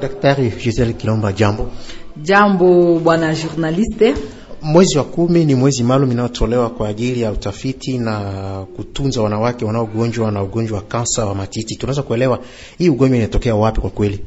Daktari Gisele Kilomba, jambo. Jambo bwana journaliste. Mwezi wa kumi ni mwezi maalum inayotolewa kwa ajili ya utafiti na kutunza wanawake wanaogonjwa na ugonjwa wa kansa wa matiti. Tunaweza kuelewa hii ugonjwa inatokea wapi? Kwa kweli,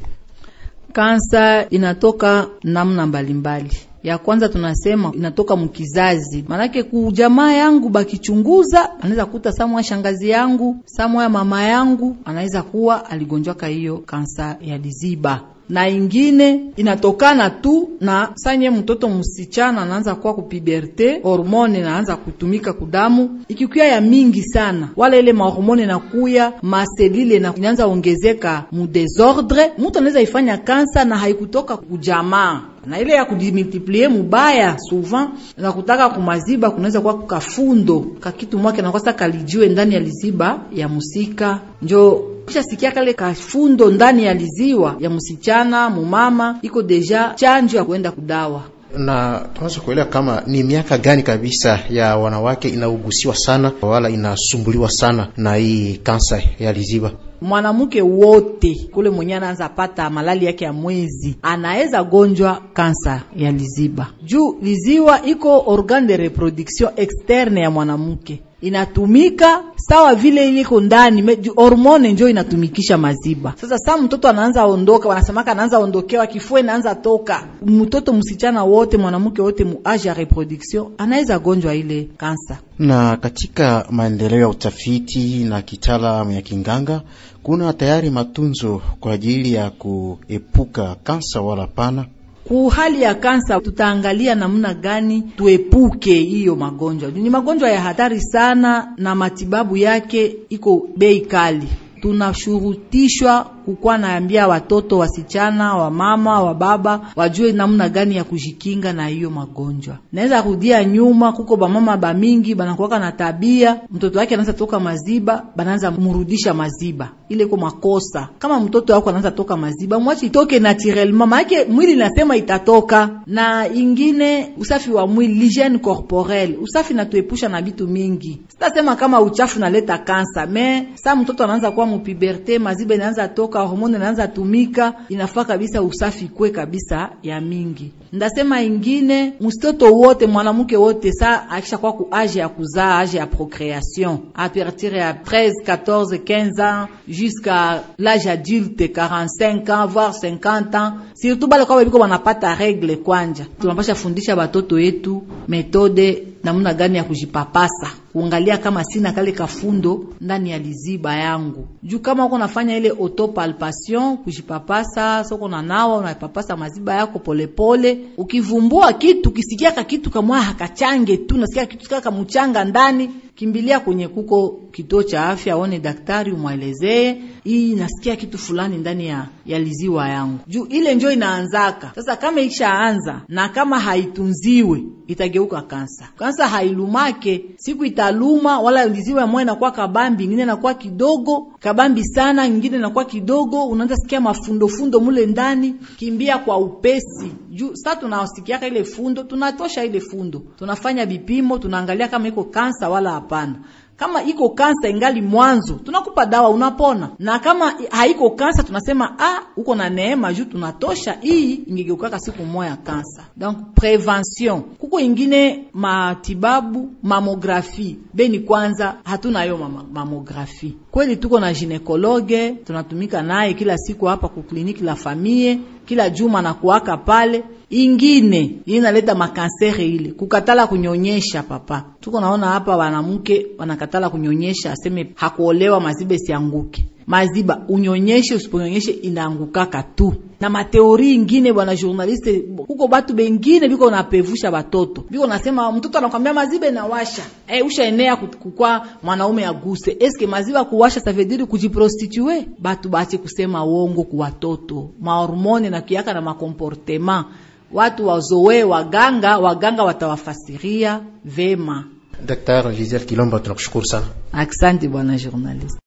kansa inatoka namna mbalimbali mbali. Ya kwanza tunasema inatoka mkizazi, maanake kujamaa yangu bakichunguza, anaweza kuta samwa shangazi yangu, samwa mama yangu anaweza kuwa aligonjwaka hiyo kansa ya liziba na ingine inatokana tu na sanye mtoto msichana anaanza kuwa kupiberte, hormone naanza kutumika kudamu, ikikuya ya mingi sana, wala ile mahormone nakuya maselile na inaanza ongezeka mudesordre, mtu anaweza ifanya kansa na haikutoka kujamaa na ile ya kudimultiplie mubaya souvent na kutaka kumaziba kunaweza kuwa kukafundo kakitu mwake nakwasa kalijue ndani ya liziba ya musika njo kisha sikia kale kafundo ndani ya liziwa ya msichana mumama iko deja chanjo ya kuenda kudawa na tunaweza kuelewa kama ni miaka gani kabisa ya wanawake inaugusiwa sana wala inasumbuliwa sana na hii kansa ya liziba. Mwanamke wote kule mwenye anaanza pata malali yake ya mwezi anaweza gonjwa kansa ya liziba, juu liziwa iko organe de reproduction externe ya mwanamke inatumika sawa vile iliko ndani, hormone njo inatumikisha maziba. Sasa saa mtoto anaanza ondoka, wanasemaka anaanza ondokewa, kifua inaanza toka. Mtoto msichana wote, mwanamke wote, muage ya reproduction anaweza gonjwa ile kansa. Na katika maendeleo ya utafiti na kitaalamu ya kinganga, kuna tayari matunzo kwa ajili ya kuepuka kansa wala pana? Ku hali ya kansa tutaangalia namna gani tuepuke hiyo magonjwa. Ni magonjwa ya hatari sana na matibabu yake iko bei kali. Tunashurutishwa kukuwa naambia watoto wasichana, wa mama, wa baba wajue namna gani ya kujikinga na hiyo magonjwa. Naweza kurudia nyuma, kuko bamama mingi banakuwaka na tabia, mtoto wake anaanza toka maziba, banaanza kumrudisha maziba ile kwa makosa. Kama mtoto wako anaanza toka maziba, mwache itoke naturellement, maana mwili nasema itatoka. Na ingine usafi wa mwili, l'hygiene corporelle, usafi natuepusha na vitu mingi. Sitasema kama uchafu naleta kansa, me sa mtoto anaanza kuwa mupiberte, maziba inaanza toka toka hormone inaanza tumika, inafaa kabisa usafi kwe kabisa ya mingi. Ndasema ingine, msitoto wote mwanamke wote sa akisha kwa ku age ya kuzaa, age ya procreation a partir ya 13 14 15 ans jusqu'à l'âge adulte 45 ans voire 50 ans, surtout bale kwa biko wanapata regle kwanja. Tunapasha fundisha batoto yetu metode namuna gani ya kujipapasa kuangalia kama sina kale kafundo ndani ya liziba yangu, juu kama uko nafanya ile autopalpation kujipapasa, soko na nawa unapapasa maziba yako polepole pole. Ukivumbua kitu kisikia ka kitu kamwa hakachange tu nasikia kitu kama mchanga ndani kimbilia kwenye kuko kituo cha afya, aone daktari, umwelezee hii nasikia kitu fulani ndani ya, ya liziwa yangu, juu ile njo inaanzaka sasa. Kama ikishaanza na kama haitunziwe itageuka kansa. Kansa hailumake siku italuma, wala liziwa moya inakuwa kabambi, ingine inakuwa kidogo kabambi sana, ingine inakuwa kidogo, unaanza sikia mafundofundo mule ndani, kimbia kwa upesi juu sasa tunasikiaka ile fundo, tunatosha ile fundo, tunafanya vipimo, tunaangalia kama iko kansa wala Hapana. Kama iko kansa ingali mwanzo, tunakupa dawa unapona, na kama haiko kansa tunasema ah, uko na neema juu tunatosha, hii ingegeukaka siku moya kansa. Donc prevention kuko ingine matibabu mamografi beni, kwanza hatuna yo mamografi kweli. Tuko na ginekologe tunatumika naye kila siku hapa ku kliniki la famille kila juma na kuwaka pale. Ingine inaleta makansere ile kukatala kunyonyesha. Papa tuko naona hapa wanamke wanakatala kunyonyesha, aseme hakuolewa mazibe sianguke maziba unyonyeshe, usiponyonyeshe inaangukaka tu. Na mateori ingine bwana journaliste, huko batu bengine biko napevusha batoto, biko nasema mtoto anakwambia maziba inawasha e, eh, usha enea kukwa mwanaume aguse. Eske maziba kuwasha savediri kujiprostitue? Batu bache kusema wongo ku watoto, mahormone na kiaka na makomportema watu wazoe, waganga waganga watawafasiria vema. Daktari Giselle Kilomba, tunakushukuru sana. Asante bwana journaliste.